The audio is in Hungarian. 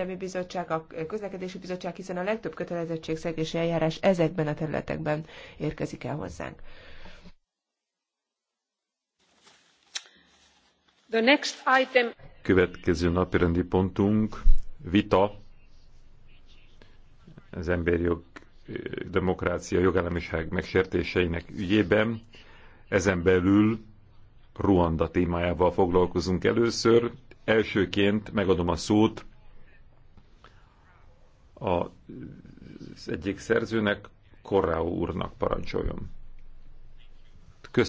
Kereskedelmi Bizottság, a Közlekedési Bizottság, hiszen a legtöbb kötelezettségszegési eljárás ezekben a területekben érkezik el hozzánk. The next item. Következő napirendi pontunk vita az emberi jog, demokrácia, jogállamiság megsértéseinek ügyében. Ezen belül Ruanda témájával foglalkozunk először. Elsőként megadom a szót az egyik szerzőnek, Korráó úrnak parancsoljon.